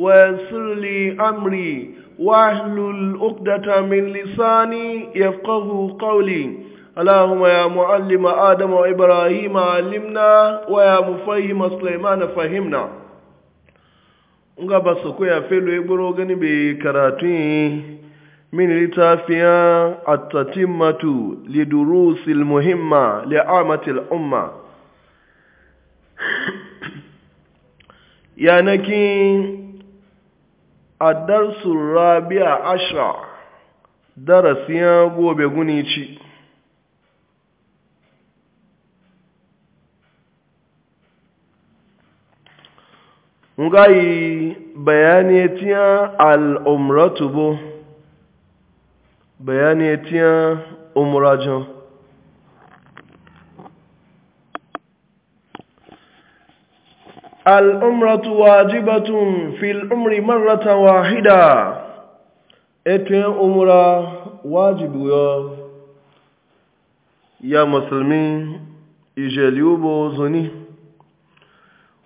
ويسر لي أمري وأهل الأقدة من لساني يفقه قولي اللهم يا معلم آدم وإبراهيم علمنا ويا مفهم سليمان فهمنا nga ba su koya felo ya buro gani bai karatu min littafiya at-tatimmatu lidurusil muhimma li'amatil umma yanakin adarsu rabia ashra darasiya gobe guni ci ngayi bayani tiya al'umratu الأمرة واجبة في الأمر مرة Etu ete umra wajibu yo ya musulmi ijeliubo zuni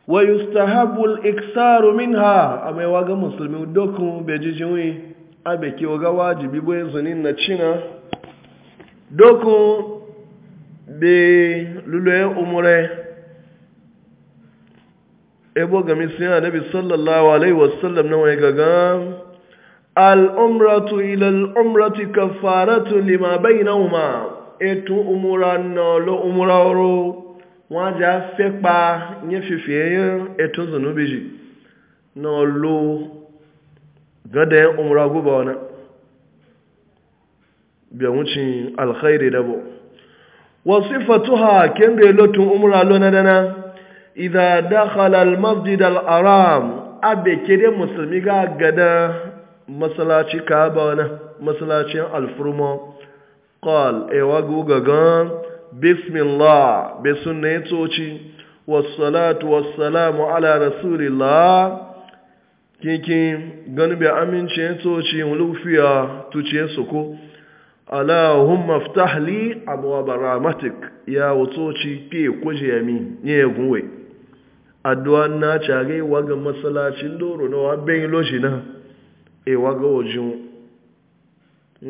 wa yustahabu al-iksaru minha amewaga musulmi dokun a beki waga wajibi bwe zuni na china dokun be lulu umre ebo gami sun yana nabi sallallahu alaihi wasallam na wai gaga al'umratu ila al'umratu kafaratu lima bainahuma etu umura na lo umura oro wọn ja fẹ́ pa nye fífi ẹyẹ ẹ̀tọ́ zùnú bèjì na lo gádẹ́ umura gúbà wọn bí àwọn cin alkhairi dabo wasu fatuha kẹ́ndẹ̀ lọ́tún umura lọ́nà dáná idha dakhala al-masjid al da abe kede musulmi ga gada masalaci kaaba wani masalacin alfurma qal ewa guga gan bismillah be sunna yatoci wassalatu ala rasulillah kinkin gani be amince yatoci lufiya tuce su ko Allahumma ftah li abwaab rahmatik ya wutoci ke kujiyami ne gunwe addu'a na cage waga masalacin doro na wabin yi loshi na e waga wajen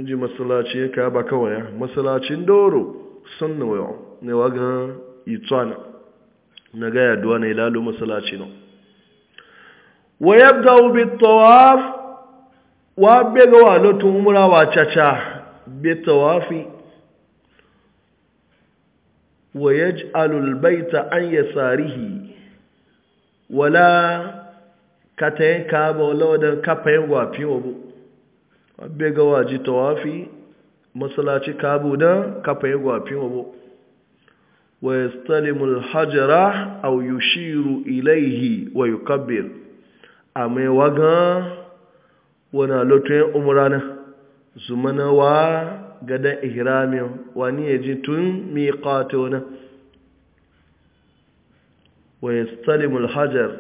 ji masalaci ya ba kawai ya masalacin doro sun wa wayo ne waga itwana na gaya addu'a na ilalo masalaci na wa yabda ubi tawaf wa ga wa lotun umura wa caca bi tawafi wa yaj'alul baita an yasarihi wala katayen ba wala kafa yin wafi wabu abbe ga waji tawafi masalaci kabu don yin wafi wabu wa yastalimul hajara aw yushiru ilaihi wa yi a amai wagan wana lotun umarana zumanawa wa gadan ihramin wani ji tun katona ويستلم الحجر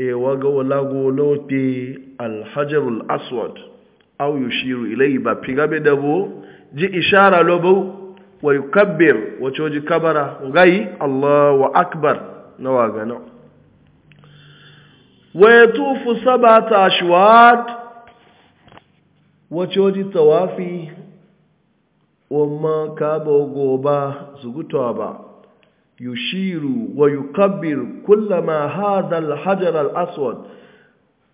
اي وغو لاغو لوتي الحجر الاسود او يشير اليه بابيغاب دبو جي اشاره لوبو ويكبر وتوجي كبره وغاي الله اكبر نواغنا ويطوف سبعة أشواط وتوجي توافي وما كابو غوبا زغتوابا wa yukabbir kullama هذا الحجر al’aswad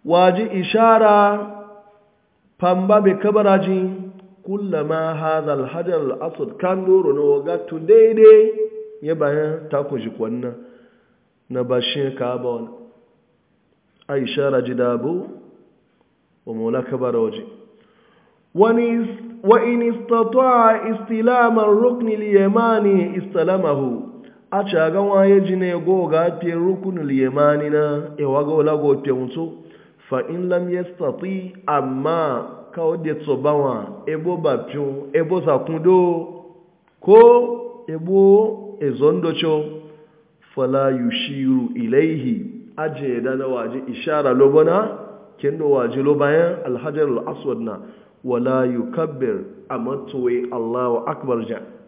waji ishara, pamba bai kabaraji kullama hadha alhajar al’aswad kan doro na waga tun daidai ya bayan shi kwanna na bashin kaaba A ishara ji dabo wa mola kabara waje wani wa in istata'a istilama ar-rukn al-yamani istalamahu a aga nwaye ji na-ego ga pie rukunul yemani na ewaga olago pie nso fa in lam yastati amma ka o de to ba ebo ba ebo sakundo ko ebo ezondocho fala yushiru ilaihi aje da waje ishara lobona kendo waje lobayan alhajarul aswad na wala yukabbir amma towe allahu akbar ja'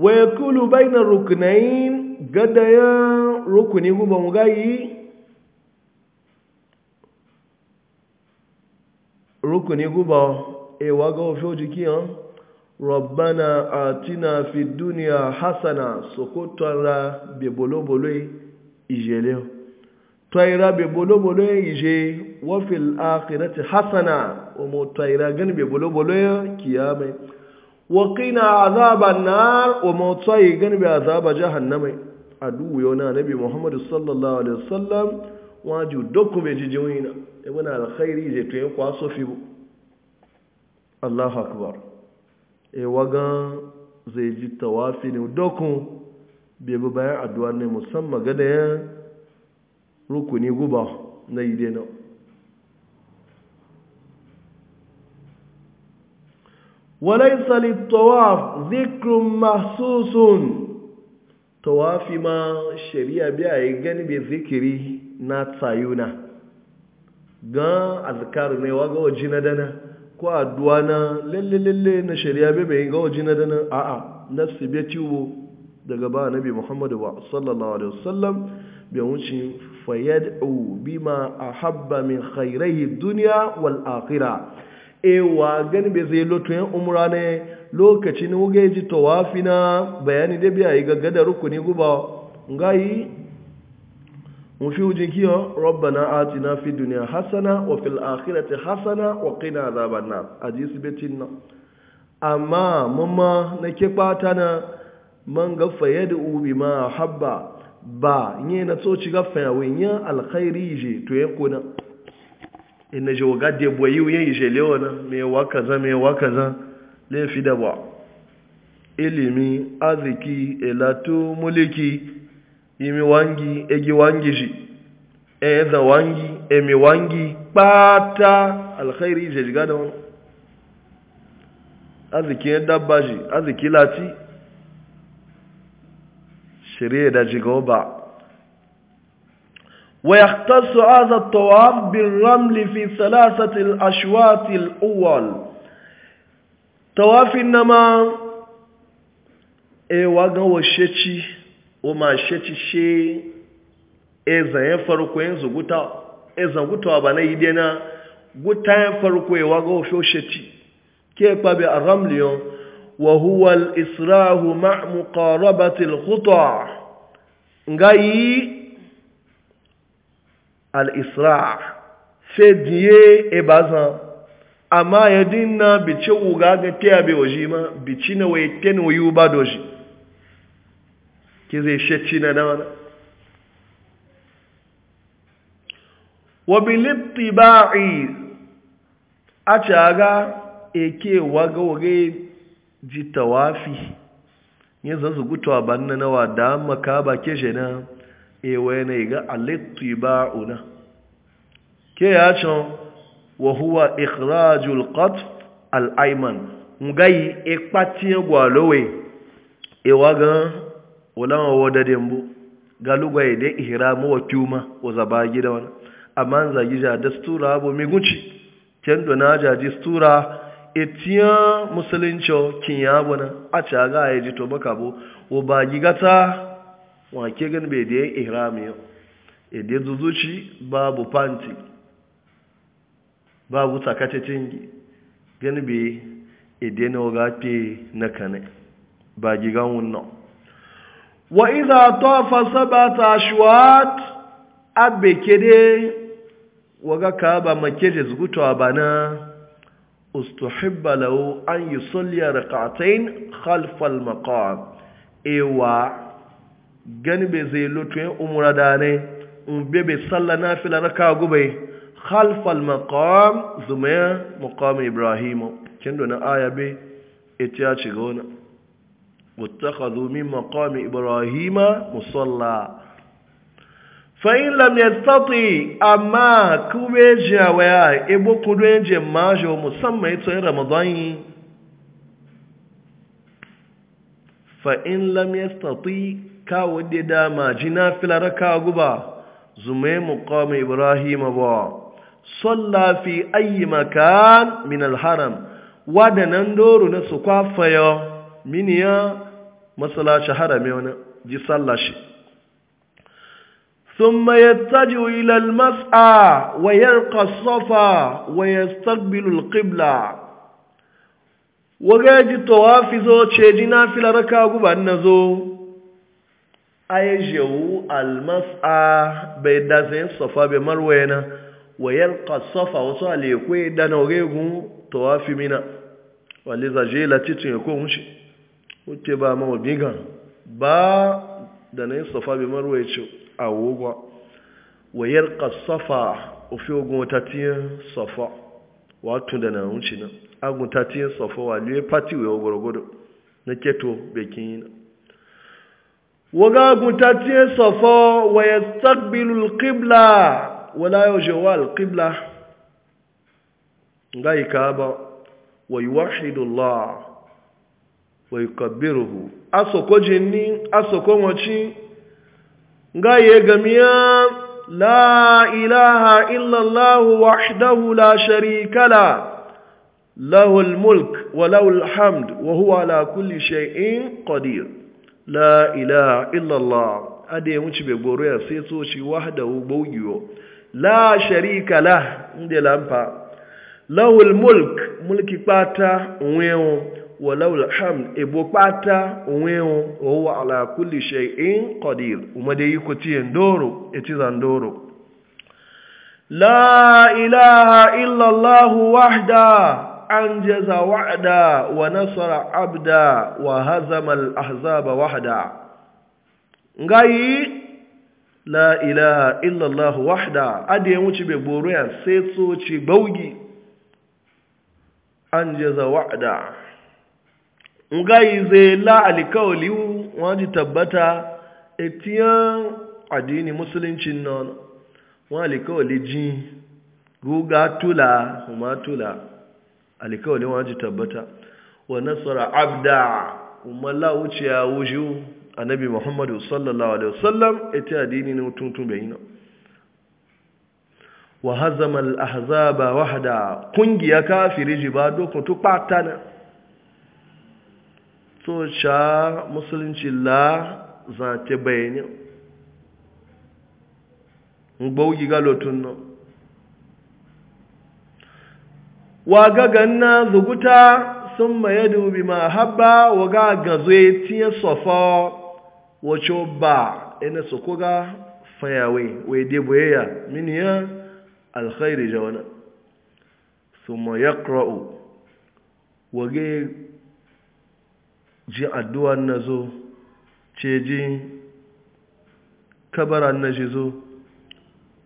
wa ya kulu bainar rukunayin gadayen rukuni guba mu rukuni guba ewa ga ofe ojiki yan rabbana atina fi duniya hasana sokotara bebolobolo ijele twaira bebolobolo ije wafil akhirati hasana omo twaira gani bebolobolo kiyamai وقنا عذاب النار وموتاي جنب عذاب جهنم adu yona nabi muhammadu sallallahu alaihi wasallam waju dokku be jijiwina ibn alkhairi je to kwa sofi bu allahu akbar e waga zai ji tawafi ne be bu bayan addu'a ne musamman ga da rukuni guba na yidena وليس للطواف ذكر محسوس طواف ما الشريعة بيعي جانب ذكري ناتسايونا غا أذكار نيواغا وجندنا ko addu'a na lalle lalle na shari'a bai bai ga waje na dana a'a nafsi bai ciwo daga ba muhammadu ba sallallahu alaihi wasallam bai wuce fayad'u bima ahabba min khairihi dunya wal akhirah ewa gani bai zai lotu yan umra ne lokacin wuge ji tawafi na bayani da biya yi gaggada rukuni guba yi mufi wujin kiyo rabbana atina fi duniya hasana wa fil akhirati hasana wa qina azaban ji su betin na amma mamma na ke kpata na man ga fayyadu ubi ma habba ba nye na so ci ga fayyawin yan alkhairi je to yan kuna ina ji waga da yi yin ijele wani mai wa kaza mai wa kaza laifi da ba ilimi arziki elato muliki yimi wangi egi wangi shi eza wangi emi wangi pata alkhairi je jiga da wani arziki dabba shi arziki lati shirye da jiga ba ويختص هذا الطواف بالرمل في ثلاثة الأشواط الأول طواف إنما ewa ga washeci o ma sheci she e zayen farko yin zuguta e zangutawa ba na idena guta yin farko ewa ga washeci ke kwabe a ramliyon wa huwa al-isra'u ma muqarabati al-khuta ngayi al al'isra fediye e bazan amma ya dinna bice wuga ga taya bai waje ma bici na waye ten wayu ba doji ki zai shacci na dama wa bilipti ba'i a caga eke waga wage ji tawafi ya zazu a banna na wa da makaba ba ke shi na ewe ne ga alittiba'una ke ya can wa huwa ikhrajul qatf al ayman ngai ekpati e gwalowe ewa ga olan wa da dembu galuga ide e ihramu wa kuma wa zabagi da wani amma zagi ja dastura bo mi guci tendo na ja dastura etiya musulunci kin bona a ca ga ya e ji baka bo wa bagi gata wake gan bai da yan ihrami yau ede eh, zuzuci babu panti babu takatatin gi gan bai ede eh, na wagafe na kane ba gigan wannan. wa iza tofa sabata shuwat abe kede waga ka ba makeje zugutowa ba na ustuhibba lahu an yi rak'atayn katain al-maqam ewa gani bai zai ya umura da ne in bai bai tsalla na fila na kagu bai halfal makon zumaya makon ibrahimu kin duna aya be ita ya ci gona wataka zumi makon ibrahimu musalla fa'in lam ya tsati amma kube ji a waya ibo kudu yin jin majo musamman ito yin ramadan yi fa'in lam ya tsati kawo wadda dama ji na fila raka guba zume mukamu ibrahim ba sola fi ayi makan min alharam nan doro na su kwafa ya miniya matsalashi harame wani ji shi. sun mayattaji wilal matsa wayar kasofa ya stagbilul kibla wagaji towa fi zo ce ji na fila raka guba na zo ayejewu almas'a bai da zai safa bai marwaya na wayar kasafa wasu alekwe da na oregun tawafi mina waliza je latitin ya ko wuce wuce ba ma wabiga ba da na safa bai marwaya ce a wogwa wayar kasafa ofi ogun watatiyar safa wuce na safa wa wa na yi na waga gutatiye safa wa yastaqbilu alqibla wala yawjawa qibla ngai kaaba wa yuwahhidu allah wa yukabbiruhu asoko jinni asoko mochi ngai egamia la ilaha illa allah wahdahu la sharika la wa الملك وله wa huwa ala kulli shay'in qadir la ilaha illallah ade wuce be goro ya sai so shi wahdahu bawgiyo la sharika la inde lampa lawul mulk mulki pata wewo wa lawul hamd ebo pata wewo wa ala kulli shay'in qadir umade yiko ti ndoro etiza ndoro la ilaha illallah wahda anjaza wa'da wa nasara abda wa hazama al-ahzaba wahda ngai la ilaha illa allah wahda adi wuci be boro ya sai tsoci baugi anjaza wa'da ngai zai la alkawli waji tabbata etiyan addini musuluncin nan wa alikawali jin guga tula kuma tula ne waji tabbata wa nasara abda la wuce ya a annabi muhammadu sallallahu alaihi wasallam ita addini ne tuntun bai wa hazama al-ahzaba wahda kungiya kafiri jibado kun to patana so sha musulunci la zate bayani galo galotun nan. wa ganna zuguta sun maye dubi ma haba wa ga gazoe tiye sofa wacho ba ina su koga fayawai wai dai boyayya mini ya alkhairi jawana sun ma ya ƙra'u wa ga ji addu'a na zo ce ji kabaran na shi zo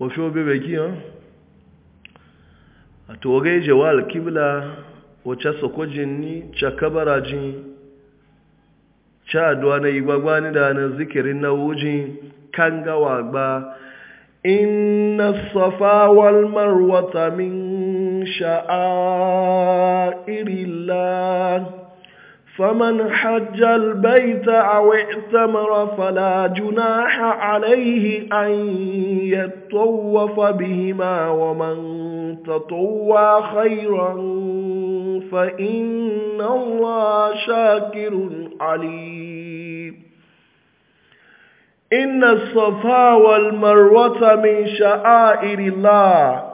wa fi obi beki ha a togai jewa alkibla wacce sokojin ni ca kabarajin ca aduwa na igbagba ni da na zikirin na wujin kan gawa gba inna safa wal marwata min sha'airillah فمن حج البيت أو اعتمر فلا جناح عليه أن يطوف بهما ومن تطوع خيرا فإن الله شاكر عليم إن الصفا والمروة من شعائر الله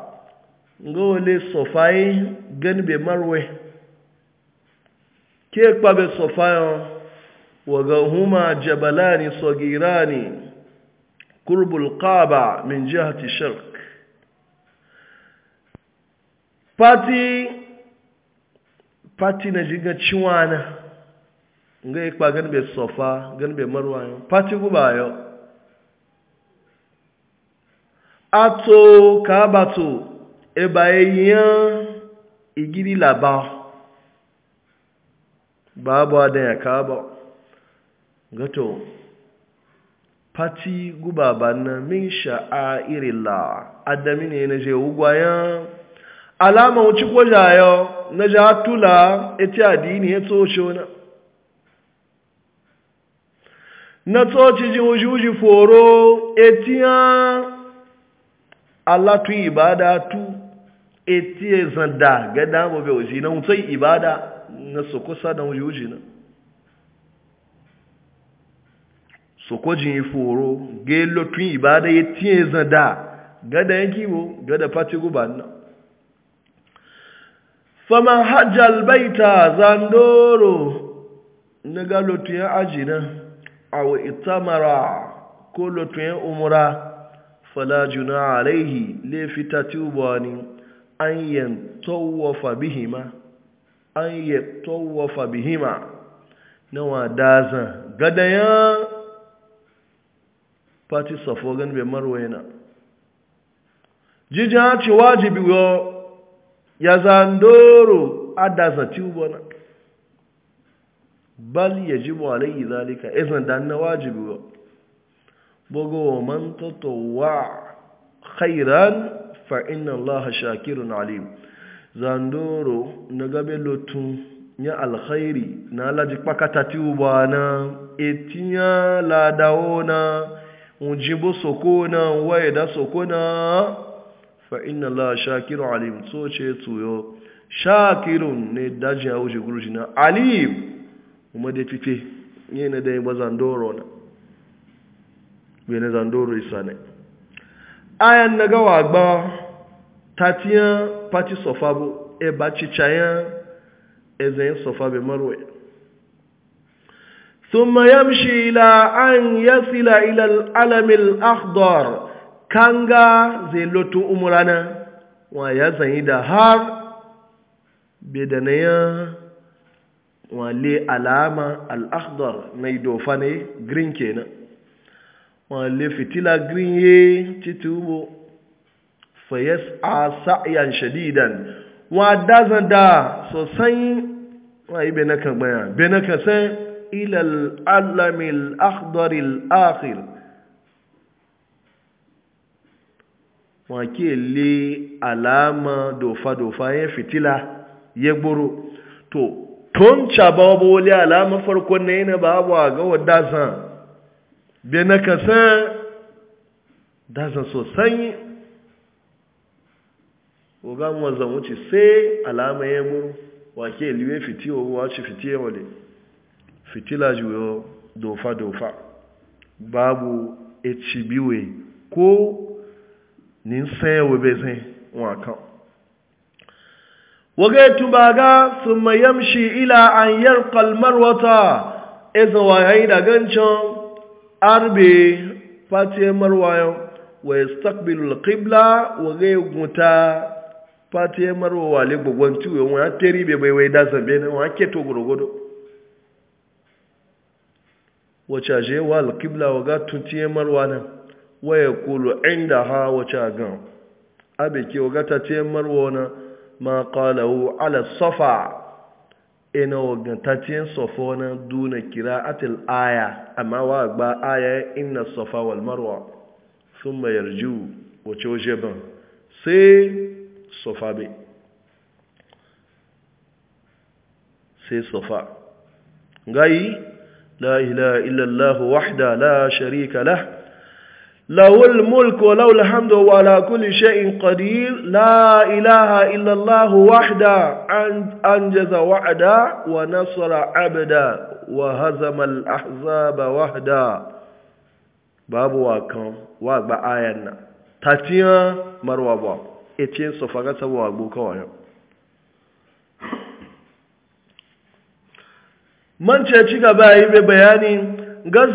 قول الصفاي جنب مروه كيف باب الصفاي وغهما جبلان صغيران قرب القابع من جهة الشرق pati pati na jiga ciwana nga ikpa gan be sofa gan be marwa pati guba yo ato ka bato e ba eyan igiri laba babu adan ka kaba gato pati guba na min sha'airillah adami ne na je ugwayan alama wuci kwajayo na ja tula ita adini ya tsoce wani na tsoci ji wuji foro etiya alatun ibada tu etiya zanda ga damu bai wuji na wutai ibada na sokosa da wuji wuji na sokojin foro gelo tun ibada ya tiye zanda gada yanki bo gada fati guba nan faman hajjal baita zandoro na ga lotuyen ajina a wa itamara ko lotuyen umura falajuna alaihi laifita tubani an yantowafa bihima an yantowafa bihima na wadazan gadayen pati safo gan bai na jijin ci wajibi yau ya zandoro adasa tubona bal yajibu alayhi zalika idan dan na wajibi bogo man tatawwa khairan fa inna allaha shakirun alim zandoro na gabe lotun ya alkhairi na laji pakata na, etinya ladawona ujibu sokona waida sokona fa inna Allah shakiru alim so ce tuyo? shakirun ne daji a wuce gurushi na alim kuma da fife ne na da ba zandoro na bai na zandoro isa ne ayan na gawa gba tatiyan pati sofa bu e ba cicayen ezayin sofa bai marwai ثم يمشي إلى أن يصل إلى العلم الأخضر kanga zai lotu umurana wa ya zanyi da har bedanaya wa le alama al'akhdar na dofa ne green kenan wa le fitila green ye titubo fayas a sa'yan shadidan wa dazan da sosai wa yi benakan bayan benakan sai ilal alamil akhdar al'akhir wake le alama dofa-dofa ya fitila ya gburu to tun caba ba wale alama farkon na yana ba a ga wadda zan bai na kasa dazan sosai ogan wanzan wuce sai alama ya gburu wake liwe fitiyo wace fitiye wale fitila juyo dofa-dofa babu hbw ko ní sẹ́yẹ̀wò bẹ̀sẹ̀ wọn kan wọ́gẹ́ tubaga sun mayamshi ila an yarkal marwata ezan wayayi da gancan arbe fatiyar marwayan wa ya stakbilu alƙibla wọ́gẹ́ guta fatiyar marwawa le gbogbo tiwo wọn ya teri bai bai wai dasan bai wa ke to gurgudu wacce je wa alƙibla wa ga tuntiyar marwa nan waya kulu inda ha wace gan abe ke wagata ce marwana ma qalawu ala safa ina wagata ce safa na duna atil aya amma wa gba aya inna safa wal marwa thumma yarju wace waje ban sai safa be sai sofa gai la ilaha illallah wahda la sharika lah Lawul mulku wa lawul hamdu wa ala kulli shay'in qadir la ilaha illa Allah wahda anjaza wa'da wa nasara 'abda wa hazama al-ahzaba babu ba ayan na tatiya marwa ba ece so faga sabo man ce ci gaba yi bayani ga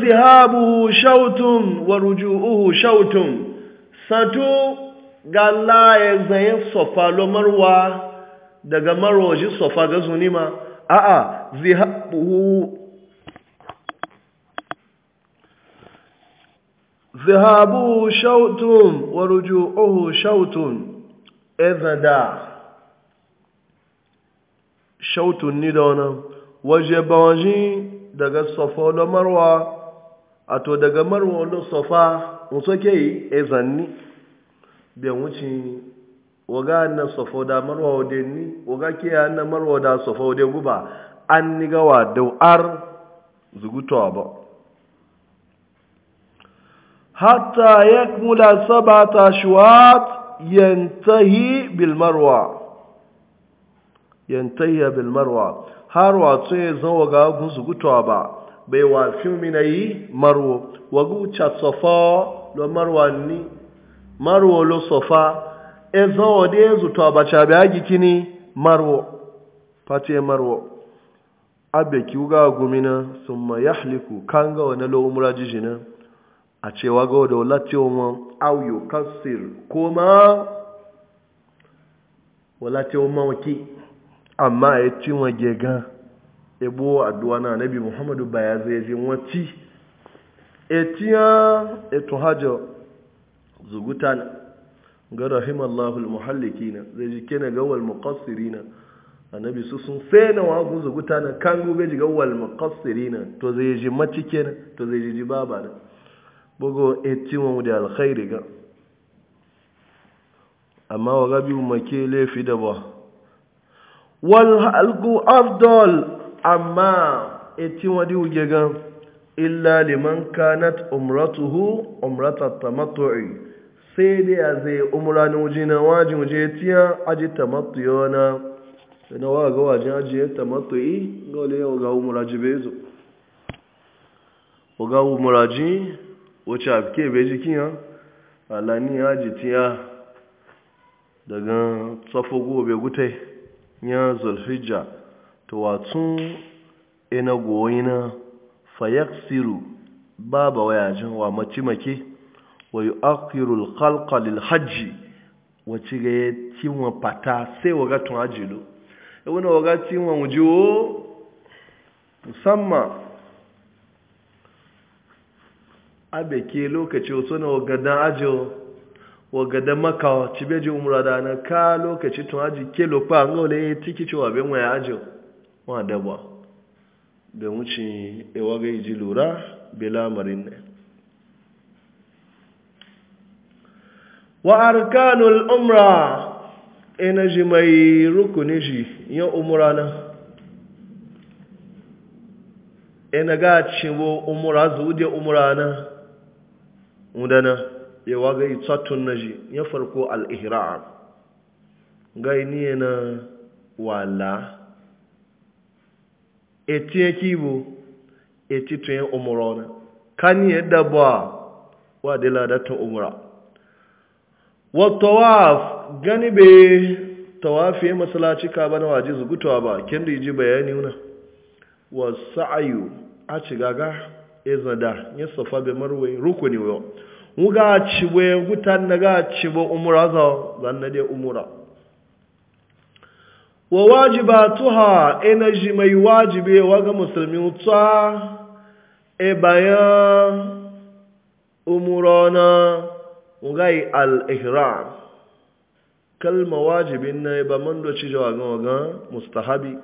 shautun wa ruju'uhu shautun satu ga laye zai sofa lo marwa daga marwaji sofa ga zunima a'a zihabuhu zihabuhu shautun wa ruju'uhu shautun ezada shautun ni da wani waje bawajin daga safa lo marwa a to daga marwa lo safa ke yi a e zanni bi wuce waga na safa da marwa ode ni waga ke na marwa da safa ode guba an ni gawa da ar zuguto ba hatta saba ta shuwat yantahi bilmarwa yantahi bilmarwa har wato ya zo ga gusu gutuwa ba bai wa fiumi na yi marwo wagu cha sofa lo marwa ni marwo lo sofa e zo wa de zutuwa ba cha ba gikini marwo fatiye marwo abe ki uga gumina summa kan kanga wana lo umra jijina a cewa ga da wulati wa auyo yukassir kuma wulati wa mawaki amma ya ci wage ga ebo addu'a na nabi muhammadu ba ya zai jin wacce etiya eto hajjo zuguta na ga rahimallahu muhalliki na zai ji kena ga wal na a nabi su sun sai na gun zuguta na kan gube ji ga wal na to zai ji maci na, to zai ji baba na bugo e wa da alkhairi ga amma wa gabi umarke laifi da ba walhalgu afdol amma eti wadi uge gan illa liman kanat umratuhu umrata tamattu'i sai dai a zai umra na waje na wajen waje tiya aji tamattu'i na na waga ga wajen aji tamattu'i dole yau ga umra ji bai zo ga umra ji wace abke bai ji kiya alani aji tiya daga tsafo gobe gutai ya zulhijja to watsun ina goyina fayaksiru baba wayajen wa mace wa yi akirul kalkalil hajji wacce ga ya cinwa fata sai waga tun ajilo ya waga cinwa wujiwo musamman abeke lokaci wasu na waga dan ajiyo wagada maka cibeji umrada na ka lokaci tun haji ke pa nga ole ya tiki cewa bin waya ajo wa dabwa da wuce ewa ga iji lura bela marin ne wa arkanul umra ina e ji mai rukuni shi yin umra na ina e ga cewa umra zuwa umra na mudana ya ga yi tsattun na ji ya farko al'ihram gai ni na wala eti ya kibo eti tun ya umura na kan yi daba wa da ladatun umura wa gani bai tawafi masalaci ka bana waje zugutuwa ba kin da yi bayani wuna wa sa'ayu a cigaga izada ya safa bai marwai rukuni wa wuga cibe wutan na ga cibe umura za zanna dai umura wa wajiba wajibatuha energy mai wajibe waga musulmi ta e bayan umurona wugai al-ihram kalma wajibin na ba man doci waga mustahabi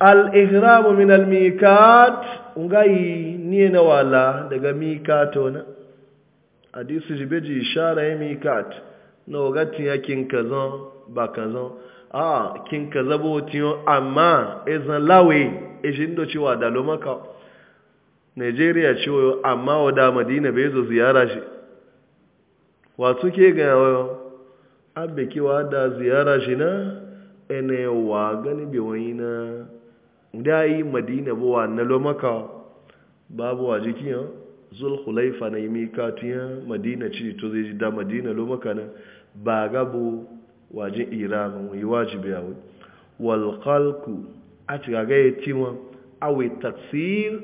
al-ihram min al-mikat ngayi niye na wala daga mikato na hadisi jibeji ishara ya mikat na wagati ya kin kazan ba a kin kaza amma ezan lawe ejin do ciwa da lomaka Nigeria ciwo amma wada Madina bai zo ziyara shi wato ke ga yawo abe kiwa da ziyara shi na ene wa gani bi wani na da yi madina buwa na lomaka babu wa jikin yau zulhulaifa na yi mikatun madina ci to zai da madina lomaka na ba gabo wajen iran yi wajibi a wani walƙalku a cikaga ya ci a wai taksir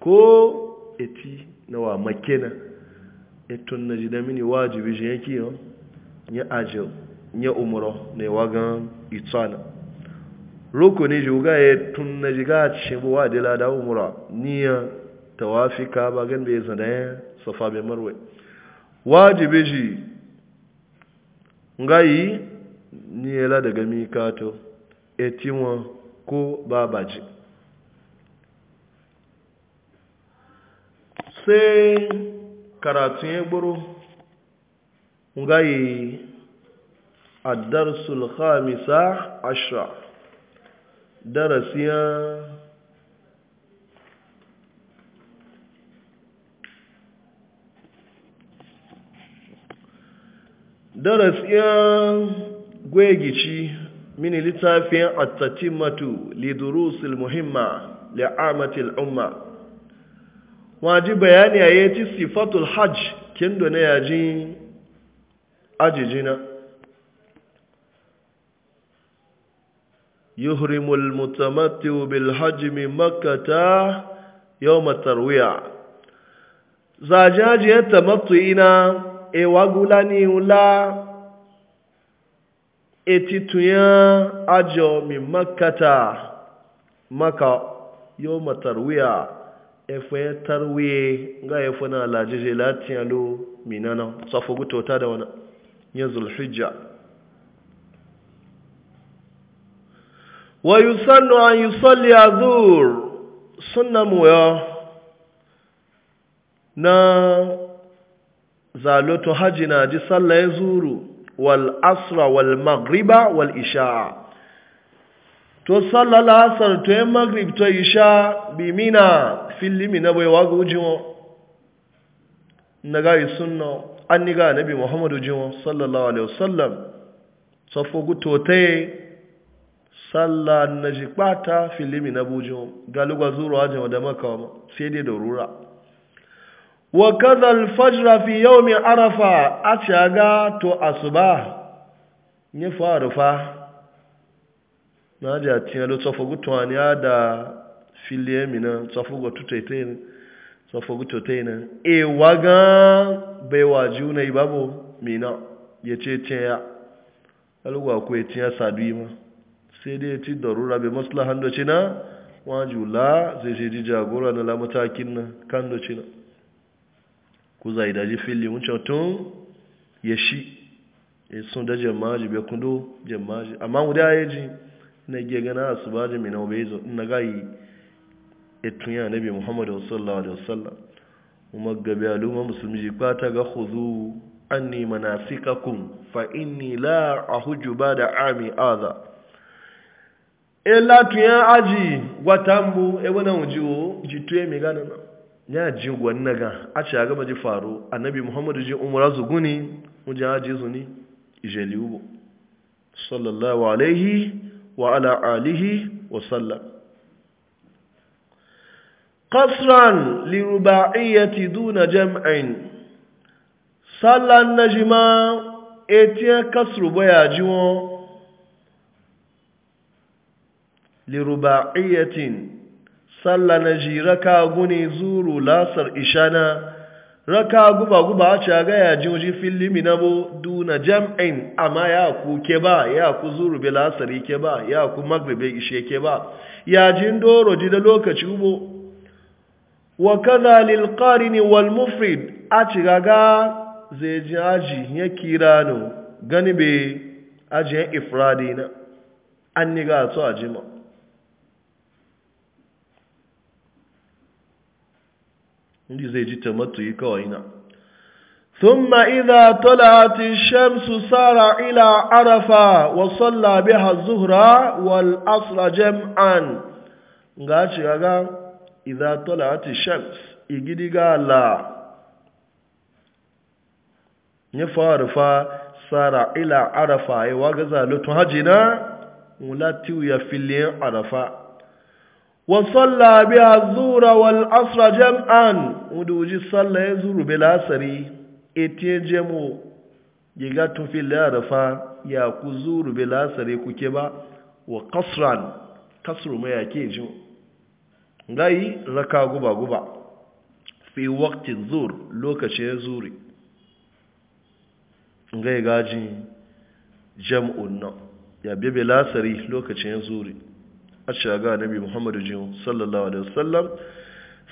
ko eti na wa makena etun na da mini wajibi shi yanki yau ya ajiyar ya umaru na yi wagan itana roko ne juga ya tun na jiga ce bu wa da umura niya tawafika ba gan bai zana ya safa bai marwe wajibi shi ngayi niya la daga mikato etiwa ko babaji sai karatun ya gburu ngayi darsul الخامس ashra darasiya darasiya gwegici mini littafin attatimatu lidurusil muhimma li'amatil umma waji bayani a ci sifatul hajj kin na yaji ajijina يهرم المتمتع بالحجم مكة يوم الترويع زجاج يتمتعنا ewagulani ula etituya ajo mi makata maka yoma tarwiya efe tarwiye ga efe na alajije latiyalu minana safogu tota da wani yanzu hijja wa yusannu an yusalli adhur sunna mu ya na zaloto haji na ji sallah ya zuru wal asra wal magriba wal isha to sallah la asar to yin magrib to isha bi mina filimi na bai waga ujimo na gari sunna an ni ga nabi muhammadu jimo sallallahu alaihi wasallam ta gutotai sallah na ji kpata filimi na bujin galuwa zuwa ajin da maka sai dai da rura wa kaza alfajra fi yawmi arafa a caga to asuba ne faru fa na ji a tiyan lo tsofogu a da filimi na tsofogu tutaitai tsofogu tutaitai na e waga baiwa juna babu mina ya ce tiyan ya galuwa ku ya tiyan sadu ma sai dai ya ci darura bai maslahan da cina wajula zai ce ji jagora na lamatakin na kan da cina ku zai daji fili wuce tun ya shi ya sun da jamaji bai kundo jamaji amma mu da ya ji na iya gana a su ba ji mina bai zo na gayi etun ya nabi muhammadu sallallahu alaihi wasallam kuma gabe al'umma musulmi ji kwata ga khuzu anni manasikakum fa inni la ahuju ba da ami aza elatu ya aji gwata mbu ebona wujiwo jitu ya megana na ya ji gwanna ga a ci a ji faru annabi muhammadu ji umara zuguni mujin aji zuni ijeli ubo sallallahu alaihi wa ala alihi wa sallam qasran li rubaiyati duna jam'in sallan najma etiya kasru boya won liruba'iyatin sallah na ji raka guni zuru lasar ishana raka guba guba a ca ga yaji waje filimi na bu duna jam'in amma ya ku ke ba ya ku zuru bi ba ya ku magribe ishe ke ba yajin doro da lokaci ubo wa kaza lil qarin wal mufrid a ci gaga zai ji aji ya kira no gani be aji ya ifradi na an ni ga to ajima ndi zai ji yi kawai na thumma idha tala'at ash-shamsu sara ila arafa wa salla biha az-zuhra wal asra jam'an nga chiga idha tala'at ash-shams igidiga la ne farfa sara ila arafa yi wa gaza lutu hajina mulatiu ya fili arafa وصلى بها الظهر والعصر جمعا ودوجي صلى يزور بالعصر اتين جيغات في العرفة يا كزور بالعصر كوكبا وقصرا قصر ما يكيجو غاي ركا غبا غبا في وقت الظهر لوكاشي زوري غاي غاجي jam'un nan ya bi belasari lokacin zuri a shaga nabi muhammadu jin sallallahu alaihi wasallam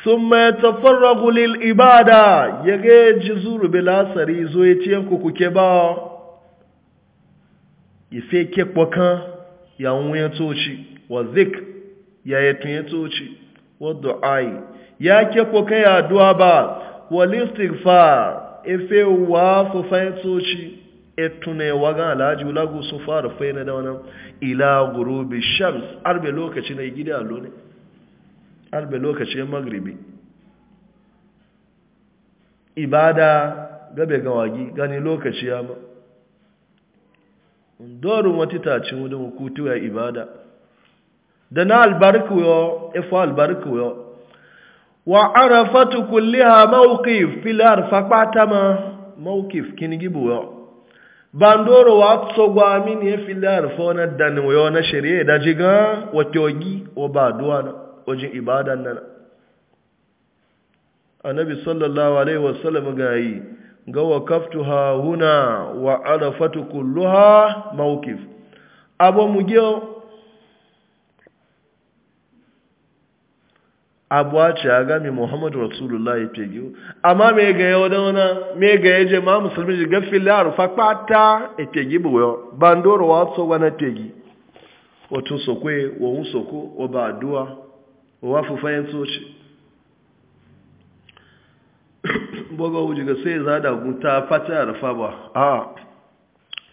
sun mai tafarra gulil ibada ya ga ji zuru bilasari zo ya ce ku kuke ba ife ke kwakan ya nwunye toci wa zik ya yi tunye toci wa du'ai ya ke kwakan ya duwa ba wa listigfar ife wa fufayen toci ne waga alhaji lagu sun fara faina da wani ila gurubi shams arbe lokaci na gida allo ne arbe lokaci ya magribi ibada gabe gawagi gani lokaci ya ma dorin wata tacin wadda hukutu ya ibada da na albarku yau ifo albarku yau wa arafatu kulliha mawqif filar arfa ma mawqif kini gibu yau bandoro gwa amini efilar fona dan na shirye da jiga watogi wa duwa na wajin ibadan nan annabi sallallahu alaihi wasallam yi ga wakaftuha huna wa arafatu kulluha mawqif abo mugeo abuwa ce a gami muhammadu rasulullahi fegiyo amma me ga yau da wana me ga yaje ma musulmi ji gafin la'ar fakpa ta e fegi buwayo bandoro wa so wana fegi e wato sokwe wa un soko wa ba aduwa wa fufayen soci boga wuji ga sai zada guta fata rufa ba a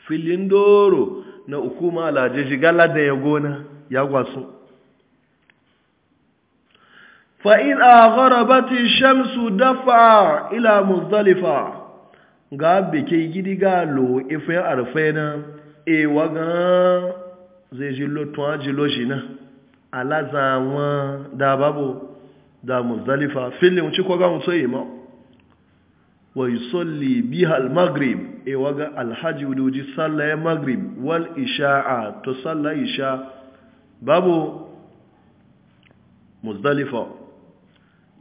filin doro na hukuma alajeji gala da ya gona ya gwasu fa'iza gharabati shamsu dafa ila muzdalifa ga bikin gidi ife arfe na ewa gan zai ji lotun ajilo shi na alaza da babu da muzdalifa filin ci yi ma wa yi bihal e maghrib ewa ga alhaji sallaye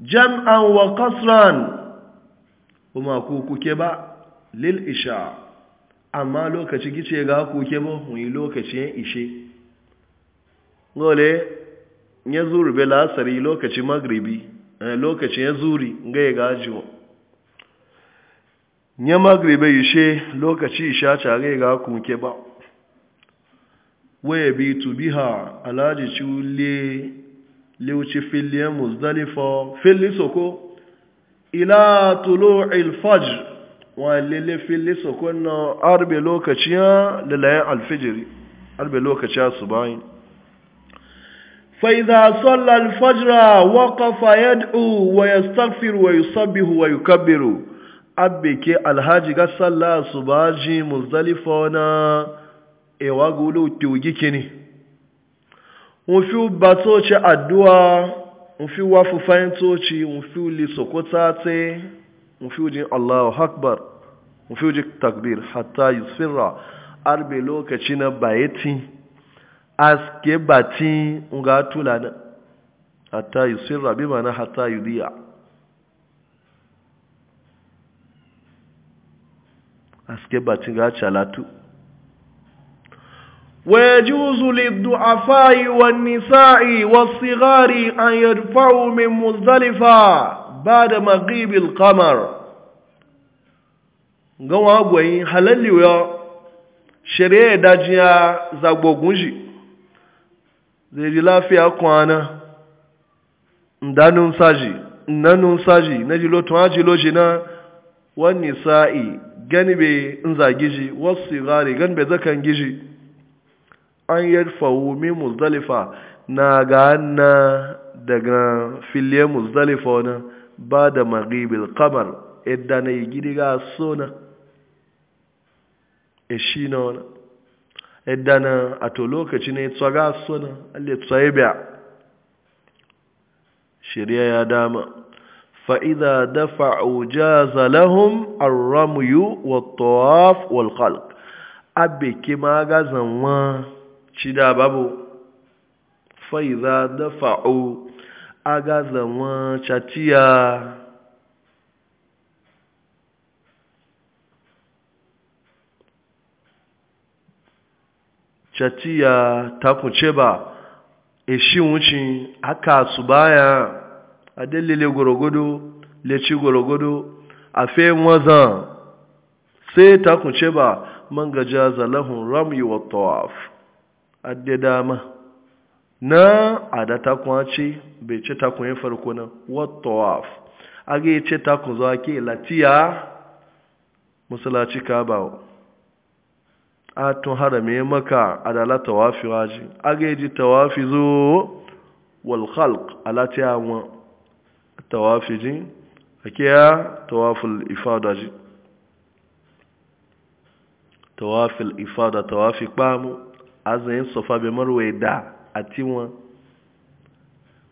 jam'an wa kasran kuma ku kuke ba lil isha amma lokaci kice ga kuke ba mu yi lokacin ishe gole ya zuri be lasari lokaci magribi eh, lokaci ya zuri ga ya gaji ya magribe ishe lokaci isha tare ga kuke ba waya bitu biha alaji chule liuci filiyan muzdalifa fili soko ila tulo ilfaj wa lele fili soko na arbe lokaci lalayen alfijiri arbe lokaci su bayan فإذا صلى الفجر وقف يدعو ويستغفر ويصبح ويكبر abeke alhaji ga sallah subaji muzdalifa na توجيكني e mufi batoci addu'a mufi wafu fahimtoci mufi li sokota te fi ji allahu akbar fi ji takbir hatta yusfirra arbe lokaci na bayeti aske bati nga tula na hatta yusfirra bi mana hatta yudiya aske bati ga calatu ويجوز للضعفاء والنساء والصغار أن يدفعوا من مزدلفة بعد مغيب القمر gawa gwayin halalli ya shari'a dajiya zagbogun shi zai ji lafiya kwana ndanun saji nanun saji na jilo tun haji loji na wani sa'i gani bai in zagi wasu gani bai zakan gishi an yadfawo mi muzdalifa na ga na daga filiye muzdalifa wani ba da maghibil kamar idda na yi gidi ga so na ishi e na wani idda na a to lokaci ne tsa ga so na alle tsaye biya shirya ya dama فإذا دفعوا جاز لهم الرمي والطواف والخلق أبي كما غزوا cida babu faiza da fa'o e a ga zama catiya catiya ta kunce ba eshi wucin aka su baya a dalile gorogodo leci gorogodo a fe wazan sai ta kunce ba man gaja zalahun ramyi wa tawaf adde dama na adata kwace bai ce takun farko na wattawaf aga yi ce takun zuwa ke latiya musulaci ka ba a tun harame maka adala tawafi ji aga yi tawafi zo wal a latiya wa tawafi ji ake ya tawaful ifada ji tawafil ifada tawafi kpamu azayin sofa bai marwai da a tiwon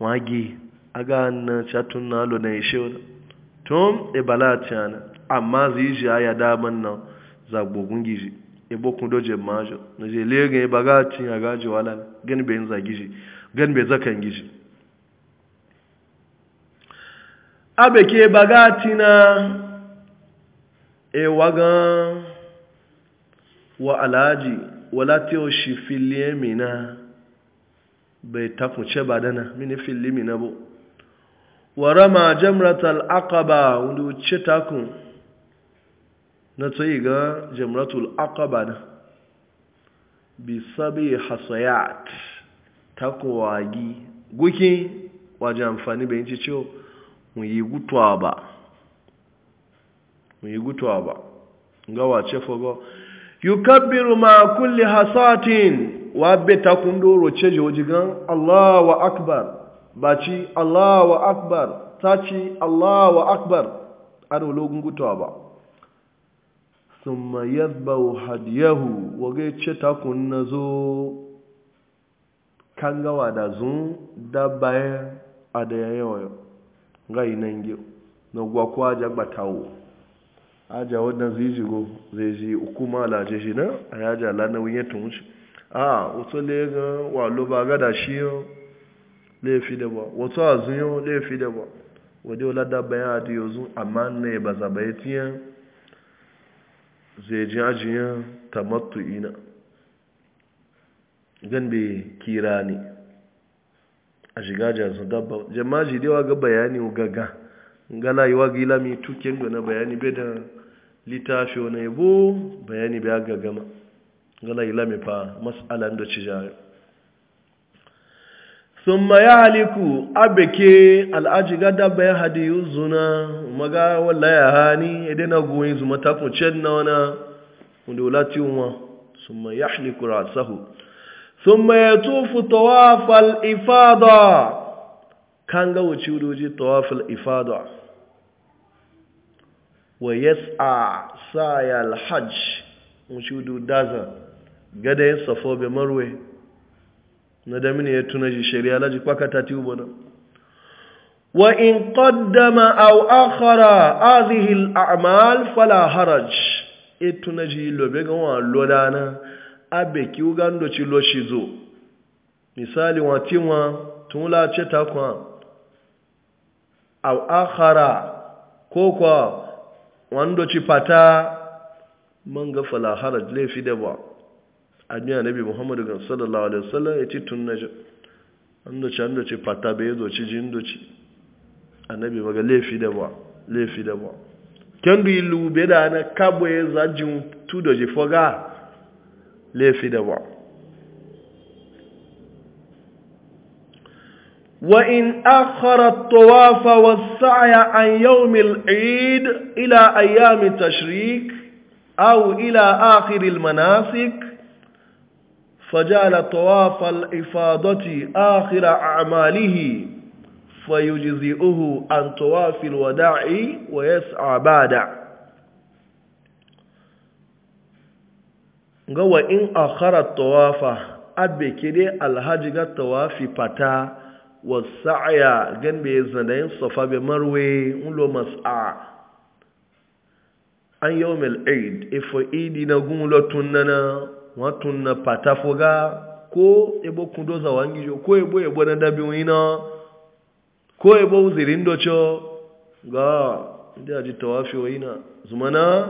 wagi aga na chatun na lo na ishe wani tun ibala e tiyana amma zai ji aya daman nan zagbogun gizi ibokun e doje majo na je lega e ya baga cin ya gaji wala gani bai za gizi gani bai zakan gizi abe ke baga tina e wagan wa alaji wala tiyo shi filiye mina bai takunce ba dana mini fili mina bu wa rama jamratal aqaba wanda wuce takun na tsayi ga jamratul aqaba na bi sabi hasayat takun wagi guki waje amfani bai ci ce, mu yi gutuwa ba mu yi gutuwa ba ga wace yukabbiru ma kulli hasatin wa be takundoro ceje wajigan Allahu akbar baci Allahu akbar taci Allahu akbar aro logun gutawa ba thumma yadhbau hadiyahu wage ce takun nazo kangawa da zun da bayan adayayo ga inange na gwakwa jagbatawo aja wannan zai jigo zai ji hukuma laje shi na a yaja lanawin ya tunci a wato le ga walo ba gada shi yo laifi da ba wato azun yo laifi da ba wadda wala da bayan a tiyo zun amma ne ba za bai tiyan zai ji ajiyan tamattu ina gan bai kira ne a shiga jazun dabba jama'a ji dewa ga bayani gaga gala yi wagi lami tukin gona bayani bai da littafi wani yabo bayani bai ga gama gala yi lami fa mas'alan da ci jari sun ma ya haliku abeke al'aji gada bayan hadi zuna maga wala ya hani idan na goyi zuma ta kuncen na wana wanda wula tiwuwa sun ma ya haliku rasahu sun ma ya tufu tawafal ifada kan ga wuce wudoji tawafil ifada wa yas'a sa'a alhajj wuce wudu daza gada yin safo be marwe na mini ya tuna ji shari'a laji kwakata ti ubana wa in qaddama aw akhara hadhihi al'amal fala haraj ituna e ji lobe ga wa lodana abe ki ugando ci lo shi zo misali wa tinwa tun la ce ta kwa aw akhara ko kwa wando ci fata man ga fala haraj laifi da ba a duniya nabi muhammadu sallallahu alaihi wasallam ya ci tun na ji wando ci wando ci fata bai zo ci jin do ci annabi maga laifi da ba laifi da ba kyan yi lube da na kabo ya zajin tu da ji foga laifi da ba وإن أخر الطواف والسعي عن يوم العيد إلى أيام التشريك أو إلى آخر المناسك فجعل طواف الإفاضة آخر أعماله فيجزئه عن طواف الوداع ويسعى بعد وإن أخر الطواف أبكر الهجر الطواف فتاه wasa'ya gan bai zanda yin safa bai marwe ulo mas'a an yau mil aid ifo idi na gunlo nana watun na patafoga ko ebo kundo za wangijo ko ebo ebo na dabi wina ko ebo uzirin docho ga ndi aji tawafi wina zumana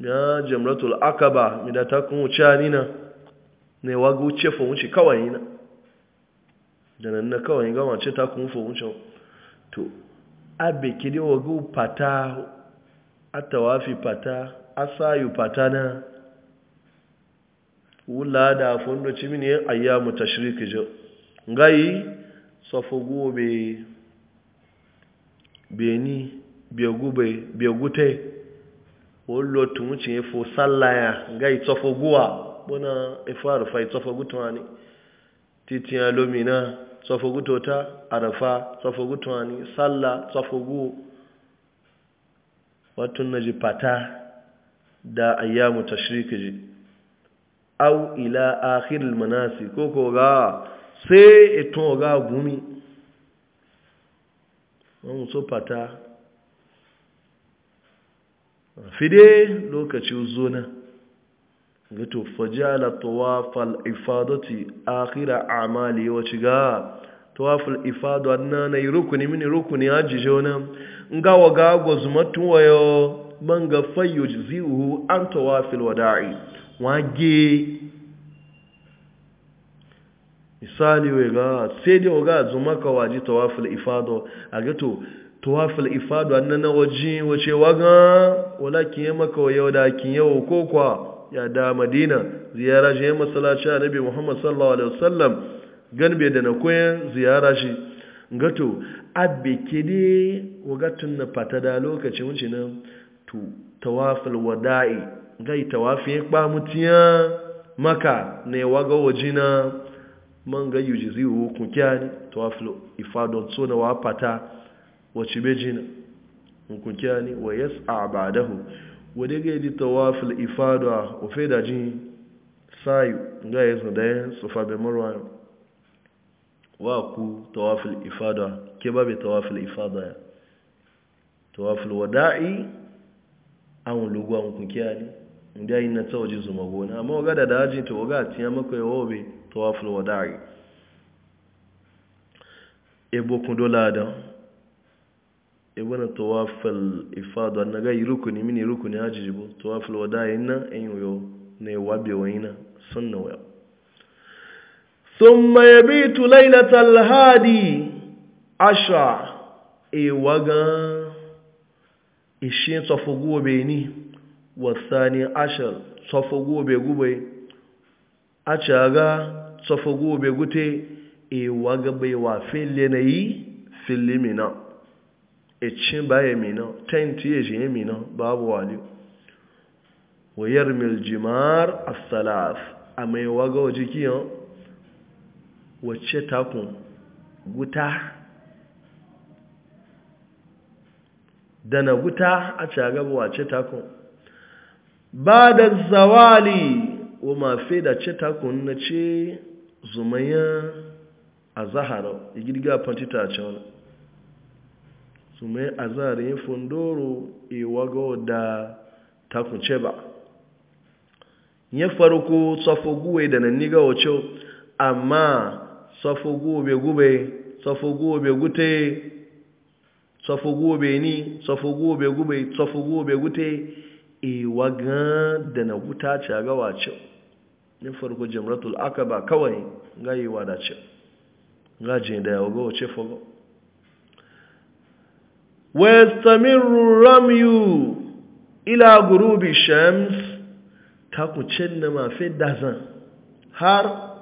ya jamratul akaba midata kun wuce nina ne wagu chefo wuce kawai na da nan na kawai ga wace ta kun fo wucin to abe kidi wagu fata atawafi fata asayu fata na wula da fondo cimini ayyamu tashriki jo ngai sofo gobe beni biogube biogute wolo tumuci efo sallaya ngai sofo guwa bona efaru fai sofo gutwani titiya lomina tsofogu tota arafa tsofogu tuwani sallah tsofogu watun na jifata da ayyamu tashriki ji au ila akhiril manasi ko ko ga sai eto ga gumi Mun so fata fide lokaci zona gato fajala tawafal ifadati akhira amali wace ga tawafal ifadu anna na min rukuni aji rukuni haji jona ngawa ga gwazumatu wayo banga ga an tawafil wada'i wage misali wega ga sai dai zuma ka waji tawafal ifadu a tawafal tawafil ifadu anna na waje wace waga walakin yamaka wayo da kin ko kokwa ya da madina ziyara shi ya masalaci a nabi muhammad sallallahu alaihi wasallam ganbe da na koyan ziyara shi gato abbe kide wagatun na fata da lokaci wuce na to tawafil wada'i gai tawafi ya kpa mutiya maka ne waga na man gayu ji zai hukun kyani tawafil ifadon so na wa fata wacce kun hukun ni wa yas'a ba'dahu wadda ga yi tawafil ifada ofe da jin sayu a ya zo da ya sufa bai marwa wa ku tawafil ifada ke ba tawafil ifada ya tawafil wada'i an lugu an kunkiya ne inda yi na tsawaji zuma gona amma ga da daji ta waga tiya maka yawo bai tawafil wada'i ebo kun dola don ibn tawafal ifado annaga rukuni mini rukuni ajibu tawafal wada'i na enyo ne wabe waina sunna wa thumma yabitu laylatal hadi asha e waga ishin e ni beni wasani ashar tsofoguwa be gube a ga tsofoguwa be gute e waga be wa fili na yi filimina ecin ba ya mina tent ya ji ya mina babu wali wayar miljimar asalaf a mai waga wa jikiyan wacce takun guta da na guta a cagaba wacce takun ba da zawali wa mafi da ce takun na ce zumayen a zahara ya girga fantita a cewa su mai azarin fundoro iwago da takunce ba ya farko tsofo guwe da nan niga wacce amma tsofo gube gube tsofo gube gute tsofo gube ni tsofo gube gube tsofo gube gute iwagan da na guta ce ga wacce? ya farko jamratul akaba kawai ga yi wadace gajin da ya wago wace fago ويستمر الرمي إلى غروب الشمس na تشن ما في الدهزان هار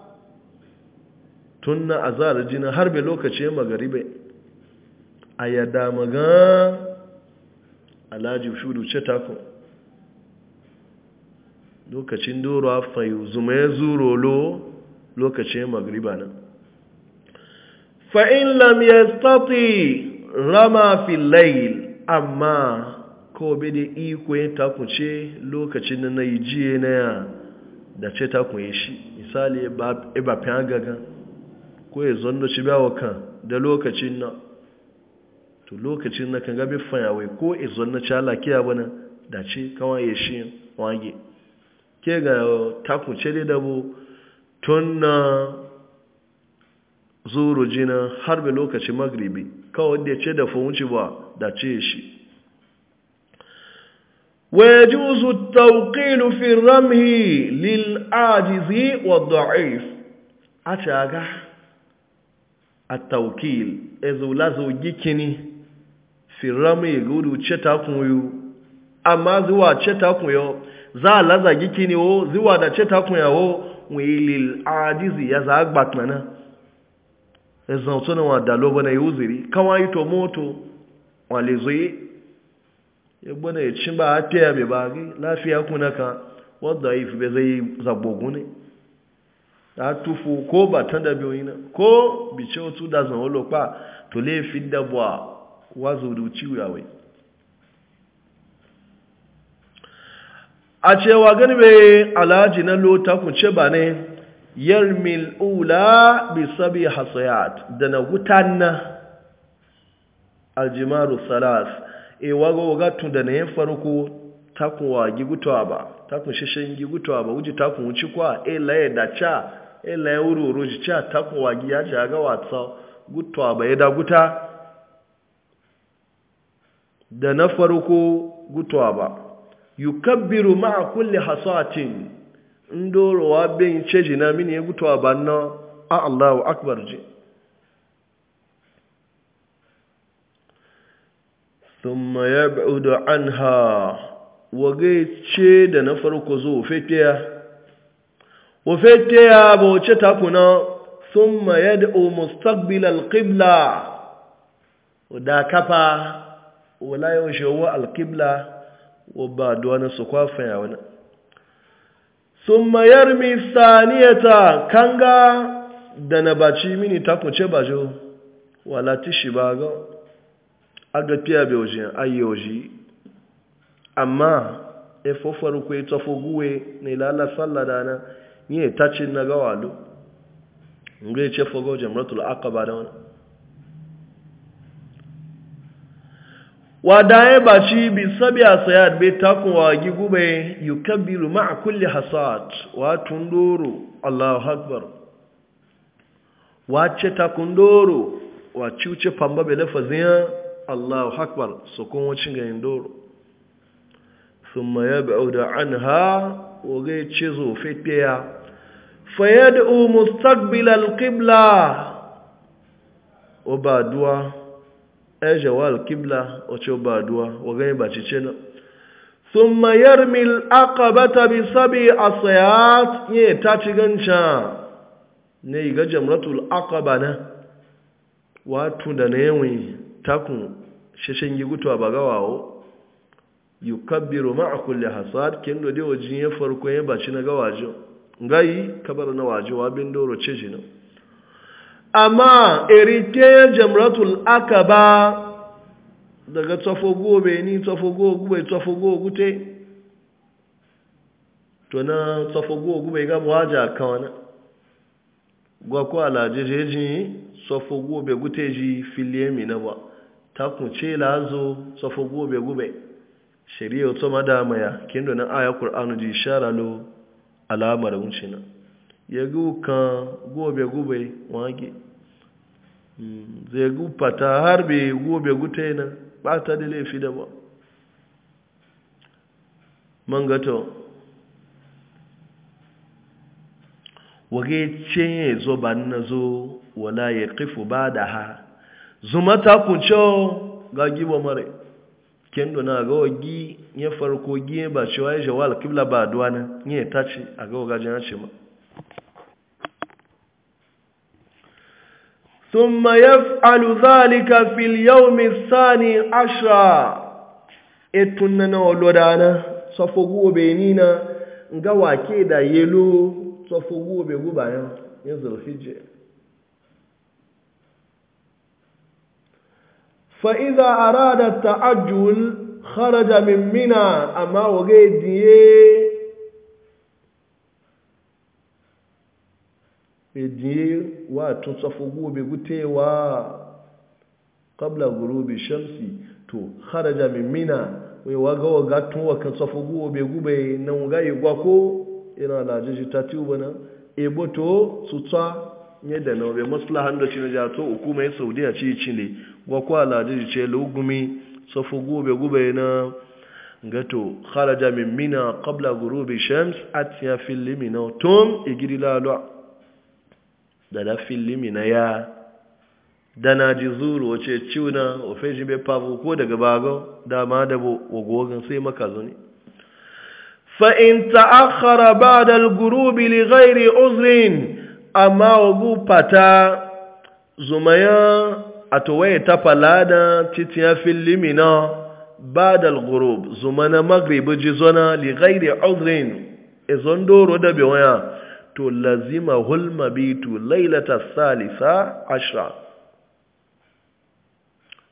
tunna a jina har bai lokaci magaribe a yada maga alhaji shudu ce tako lokacin doro a fayu zuma zuro lo lokacin magariba nan fa'in lam ya stati rama fi layl amma ko bi da iko yin takunce lokacin da yi jiye na ya da ce takunye shi misali ba e ba ko ya zonda ci bawa kan da lokacin na to lokacin na kan gabi fayawai ko e zonda ci alakiya bana da ce kawai ya shi wange ke ga takunce da dabo tun na zuru jina har lokacin magribi kawai da ya da fahimci ba da ce shi wajen su taukilu fi ramhi lil'ajizi wa da'if a ce a taukil ezulazo gikini fi ramhi gudu ce takun yi amma zuwa ce takun za a laza gikini o zuwa da ce takun yawo wili al'ajizi ya za a ezautsona wa bane na yuziri kawai to moto walizoye yabona ya cimba ate ya be bagi lafiya kuna ka wadda ifi be zai zabogu ne ta tufu ko ba ta da na ko bice otu da zan wolo to le fi dabwa wazo da uci wuyawai a cewa gani bai alhaji na lota kunce ba ne yarmil ula bi sabi hasayat da na wutan na aljimaru salas e wago gatun da na yin farko takun wagi gigutuwa ba takun shishin gigutuwa ba wuji takun wuci kwa e laye da cha e laye wuri cha takun wa giya cha ga watsa gutuwa ba ya e, da guta da na farko gutuwa ba yukabbiru ma'a kulli hasatin ndoro wa ben ceji na mini ba abanna a Allahu akbar ji thumma yab'udu anha wage ce da na farko zo fetiya wa fetiya ba wace ta kuna thumma yad'u mustaqbil alqibla da kafa wala yawshu alqibla wa ba na su kwafa ya wani sun mayar mi saniyata kanga dana bachi baci mini ta kuce bajo wala tishi ba ga aga fiya bai ojii ayyoji amma efo farko ya tafo guwe na ilala sallada na ni ya tacin na gawalo ngai ce fogo jamratul aqaba da wani wadaye ba shi bi sabiya sayad bai takun wagi yukabiru ma ma'a kulli hasad wa tundoro Allahu akbar wace takun doro wa ciuce famba bai lafazin Allahu akbar su kun wacin ganin doro thumma yab'u da anha wa gai ce zo fitiya fayad'u mustaqbilal qibla wa ba duwa ejewal kibla ochoba adua wagani bachichena thumma yarmi al ta bi sabi asayat ye tachi gancha ne ga jamratul aqaba na watu da ne yawi takun sheshen gigutu abagawawo yukabbiru ma'a kulli hasad kendo de wajin ya farko ya baci na gawajo ngai kabar na wajo wa bin doro na. amma erike jamratul akaba daga tsafogo ni tsafogo gube tsafogo gute to na gube ga waja kan wani gwa ko alajejeji tsafogo be gute ji filiyemi na ba ta kunce lazo tsafogo be gube shari'a to madama ya kendo na aya qur'anu ji shara lo alamar wucina ya gu kan gobe gube wage zai gufata har bai gobe gutai nan ba ta da laifi da ba man gato wage ce zo ba na zo wala ya kifu ba da ha zuma ta kunce ga gibo mare kendo na ga wagi ya farko giye ba cewa ya jawal kibla ba aduwa ya tace a ga wagajen ce ma ثم يفعل ذلك في اليوم الثاني عشر etunana olodana sofogu obenina nga wake da yelo sofogu obegu bayan yin zulhijja fa idza arada ta'ajjul kharaja min mina amma wage diye ediye wa tun tsafo gobe gutewa kabla gurubi shamsi to haraja min mina wai waga waga tun waka tsafo gobe gube nan ga igwa ko ina da jiji ta ti ubana ebo to tsutsa ne da na obe maslahan da cin jato hukumar saudiya ci cile gwa ko ala jiji ce lugumi tsafo gobe gube na gato kharaja min mina kabla gurubi shams atiya fil limina tum igirila lo da na filimi na ya da na ji zuru wace ciuna ofe shi bai fafu ko daga bago dama da wagogin sai maka zuni fa'in ta'akhara ba da gurubi li ghairi uzrin amma ugu fata zumaya a towaye ta falada titiya filimi na ba da gurub zumana magribi jizona li ghairi uzrin izon e doro da bewaya to lazima hulma bitu lailata salisa ashra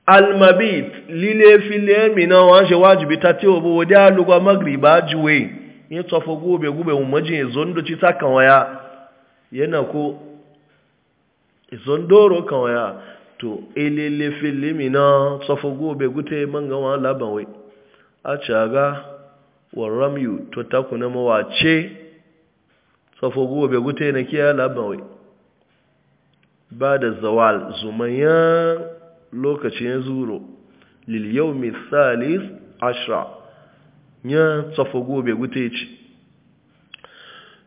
almabit lile file mina wọ́n ṣe wájúbí tàbí òbò wòdí alùgbà magriba juwe ní tọfọ gube gúbẹ̀ umarjin ìzọ́ndó títà kanwaya yana kó ìzọ́ndóró kanwaya to ilé fílé mìíràn tọfọ gúbẹ̀ gúte mangawa labanwe a ṣaga wa ramyu to takunan mawace fafo guwa bai guta yana kiya labawai ba da zawal zuman zumayen lokacin zuro liliyau misalis ashra ya tafi guwa bai guta ce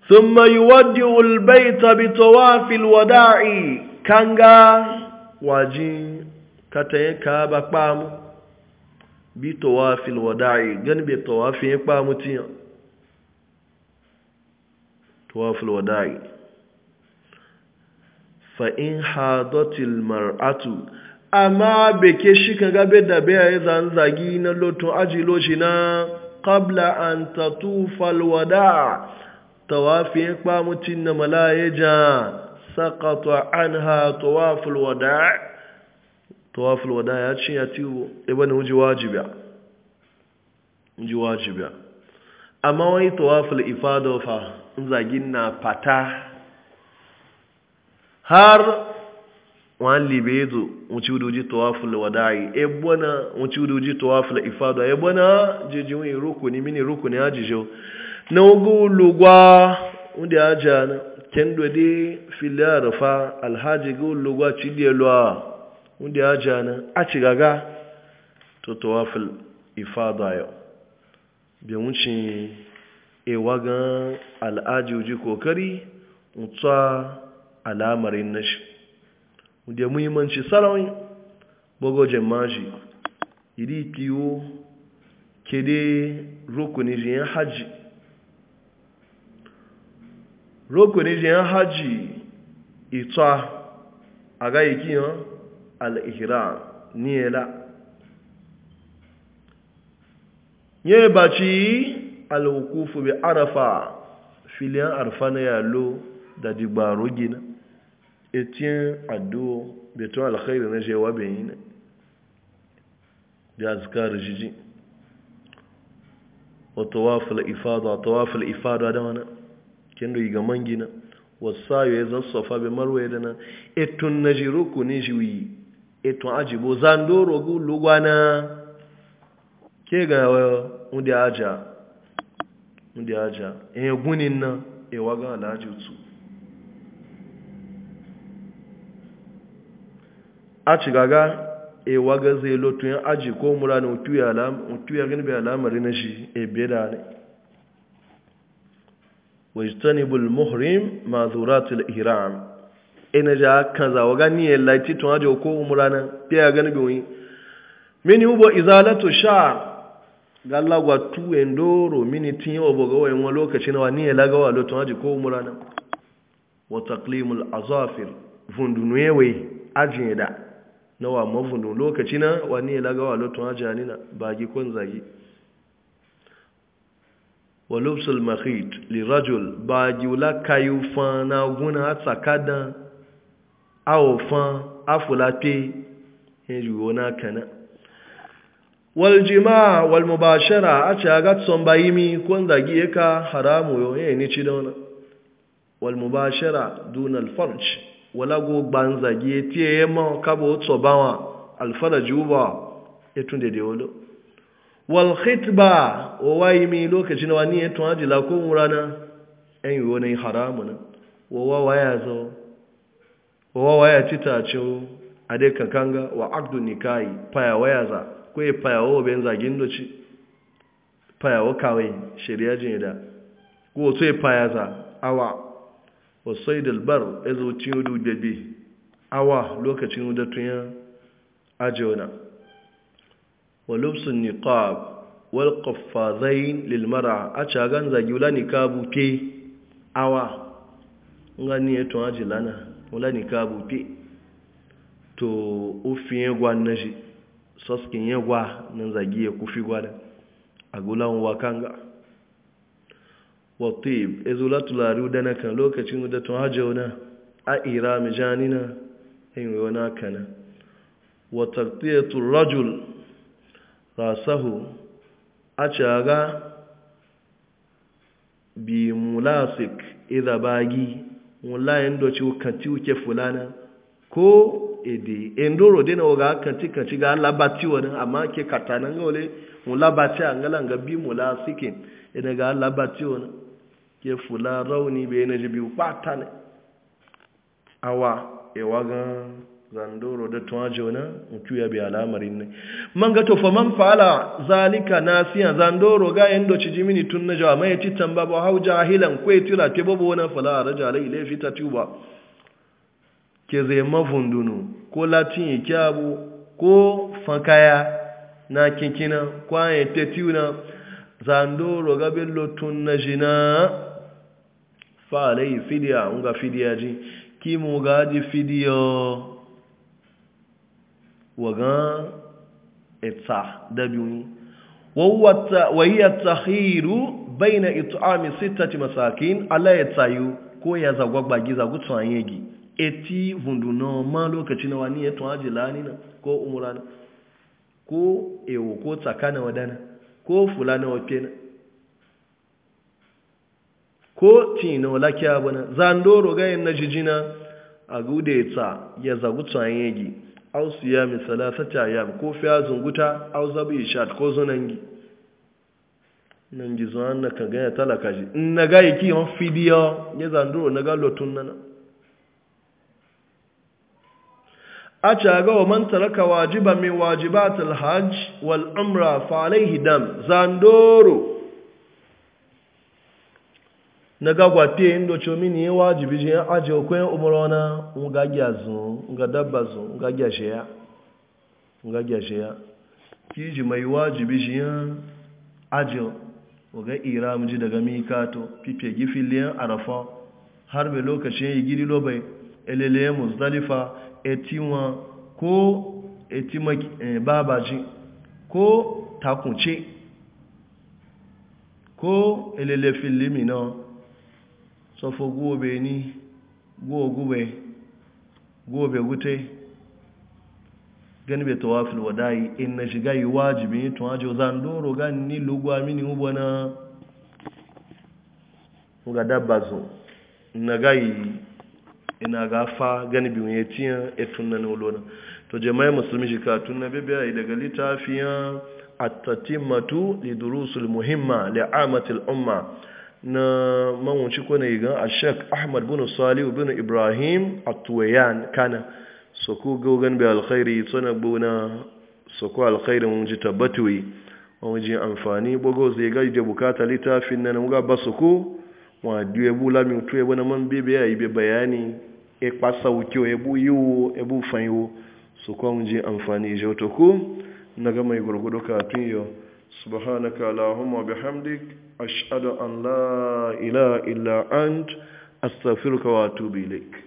sun mai wadda ulbai tabi tawafil wada'i kanga wajin katayen ka ba kpamu bi tawafil wada'i gani bai tawafin ya kpamu tiyan tawaful wada'i fa'in hadotil mar'atu amma beke shi ka gabe da bayan zanzagi na lotun ajilo shi na kabla an tatufal wada'a tawafin kwamucin na malayeja sakata an ha tawaful wada'i tawaful wada'i ya ci ya tiwo ibani e wuji wajibiya wuji wajibiya amma wani tawaful ifado fa zagin na fata har wani libe zo wuce udoji tawafula wadayi ebona wuce udoji tawafula ifado e jeji jejin yin ni mini rukuni ajijo na ogo lugwa wunde aja na kendo de fila alhaji go lugwa cidiyarwa ha aja na a ci gaga to tawafula ifado yau bi ewa gan al'ajoji kokari mutsa alamarin nashi da muhimmanci sarawin bugo jamaji iri tiyo kede rukuni jiyan hajji rukuni Haji. hajji ita a ga ikiyan al'ihira niyela yẹ́ alwukufu bi arafa filiyan arfa na yalo da digbaro gina etin addu'o beton alkhairi na jewa benin da azkar jiji wa tawaf al-ifada tawaf al-ifada da wana kendo iga mangina wasayo ya zasafa be marwe da na etun najiru ku ne jiwi etun ajibo zandoro gu lugwana ke ga wanda aja ndị aja egwuni na ewaga ala aja otu achigaga ewaga zai lotu ya aji ko mura na otu ya gani ala mara e na shi ebe da ne muhrim ma zuratul ihram ina e ja kaza waga gani ya laiti tun aji ko mura na bai gani bai mini ubo izalatu sha'r galla gwa tuwe ndoro mini tin obo wa wayan wa lokaci na wani laga wa lotun aji ko murana wa taqlimul azafir fundunu yewe ajin da na wa mavundu lokaci na wani laga wa lotun haji anina bagi kon zagi wa lubsul mahit li rajul bagi wula kayu fan na guna a aw fa afulape yin yuona kana waljima walmubashara a ce a ba bayi mi kun zagi ya ka haramu yau ya eh, ni ci dauna walmubashara dunal alfarj wala go ban zagi ya tiye ya ma kabo tsobawa alfaraj ba ya tun da dewolo wal khitba wa yi mi lokacin wani ya tun ajila ko murana yan yi wani haramu na wa wawa ya zo wa wawa ya ci tace a dai kankanga wa abdu nikahi faya waya za kwaye fayawo bayan zagin doci fayawo kawai shari'a jin da ko sai fayaza awa wasai dalbar ya zuci hudu da bi awa lokacin hudatun ya ajiyona wa lubsun niqab wal qaffazain lil mar'a a cagan zagi wula nikabu ke awa ngani ya tun lana wula nikabu ke to ufiye gwan na shi soskin ya gwa nan zagi ya kufi gwada a wa wakanga watib ezula tulari da kan lokacin da tun hajji wani a ira mijanina yin wani kana wataktiyatul rajul rasahu a caga bi mulasik idabagi yin doci kanti uke fulana ko ede endoro dai na waga kanci kanci ga labati wani amma ke katanan ga wale mú labati a ngala ga bi mu la sikin ina ga labati wani ke fula rauni bai na jibi kwata ne awa ewa ga zandoro da tuwa jona mutu ya bi alamarin ne man ga tofa man fa'ala zalika nasiya zandoro ga yando ci jimini tun na jawa mai titan babu hau jahilan kwai tira ke babu wani fala raja lai laifi ta tuba ke zai mafundunu ko latin ya kyabu ko fankaya na kinkina kwaye ta tuna zandoro gabin lotun na jina falai fidiya nga fidiya ji kimu gaji fidiyo waga etsa dabiwi wahiyar tahiru bai na itu'ami sittati masakin ala ya tsayu ko ya zagwagba giza gutsu an yegi eti vundu na ma lokaci na wani ya tuwa lani na ko umurana ko ewo ko tsakana wadana ko fulana wafena ko tina wala bana zandoro gayen na jijina a gude ta ya zagu tsayen yagi au su ya misala sata ya ko fiya zunguta au zabu ishat ko zunangi nan gizo an na kan gaya talaka ji na gaya kiyon fidiyo ya zandoro na ga lotun nana acaga wa man taraka wajiban min wajibatil hajj wal umra fa dam zandoro na gagwate ndo chomi ni wajibi je aje okwen umrona ngagya zu ngadaba zu ngagya sheya kiji mai wajibi je aje oga iram ji daga mikato pipe gifiliyan arafa har be lokacin yigiri lobai elele muzdalifa eti wọn ko eti babaji ko takunce ko elele filimi náà sọfọ góòbẹ̀ ní góògúbẹ̀ góòbẹ̀ gúté ganibẹ̀ tawafil wadayi in na shiga yi wajibi tun ajo zandoro gan ni lugwa mini ubo na ga dabba zo na ina gafa gani biyu ya ciya etun na nulona to jama'a musulmi shi katun na bibiya daga littafiyan attatimmatu lidurusul muhimma amatil umma na mawunci ko ne ga ashek ahmad bin salihu bin ibrahim Atwayan kana so ku gogan bi alkhairi sona buna so ku alkhairi mun ji tabbatuwi mun ji amfani bogo zai ga da bukata littafin nan mun ga basu ku wa diwe bu la mi tu ebo na man bebe ayi be bayani e pasa ukiyo ebu yiwo ebu fanyiwo su kwa mji amfani je otoku na gama yi gurgudu yau subhanaka allahumma bihamdik ashadu an la ilaha illa ant astaghfiruka wa atubu